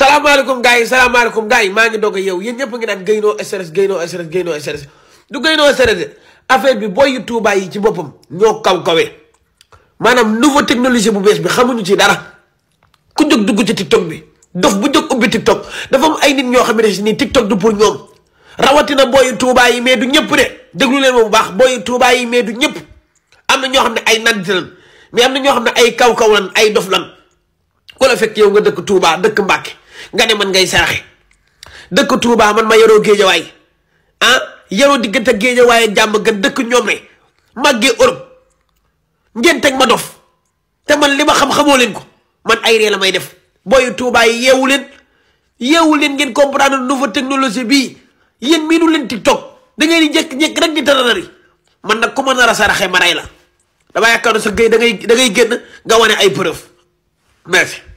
salaamaaleykum gars yi salaamaaleykum gars yi maa ngi doog a yow yéen ñëpp ngi naan gaynoo SRS gaynoo SRS gaynoo SRS du gaynoo SRS affaire bi boy yu Touba yi ci boppam ñoo kaw kawee maanaam nouveau technologie bu bees bi xamuñu ci dara ku jóg dugg ci TikTok bi dof bu jóg ubbi TikTok dafa am ay nit ñoo xam ne si nii TikTok du pour ñoom rawatina boyu tuubaa yi mais du ñëpp de déglu leen ma bu baax boyu tuubaa yi mais du ñëpp am na ñoo xam ne ay nandi lan mais am na ñoo xam ne ay kaw kaw lan ay dof lan ku la fekk yow nga dëkk Touba dëkk Mbàkke nga ne man ngay saraxe dëkk Touba man ma yaroo géejawaay ah yaroo diggante géejawaay jàmm gën dëkk ñoome màggee Europe ngeen teg ma dof te man li ma xam-xamoo leen ko man ay ree la may def booy tuubaa yi yeewu leen yeewu leen ngeen comprendre nouvelle technologie bi yéen miinu leen TikTok da ngeen di jékki-jékki rek di tararari man nag ku ma nar a saraxe ma rey la damaa yaakaar sa géy da ngay génn nga wane ay preuve merci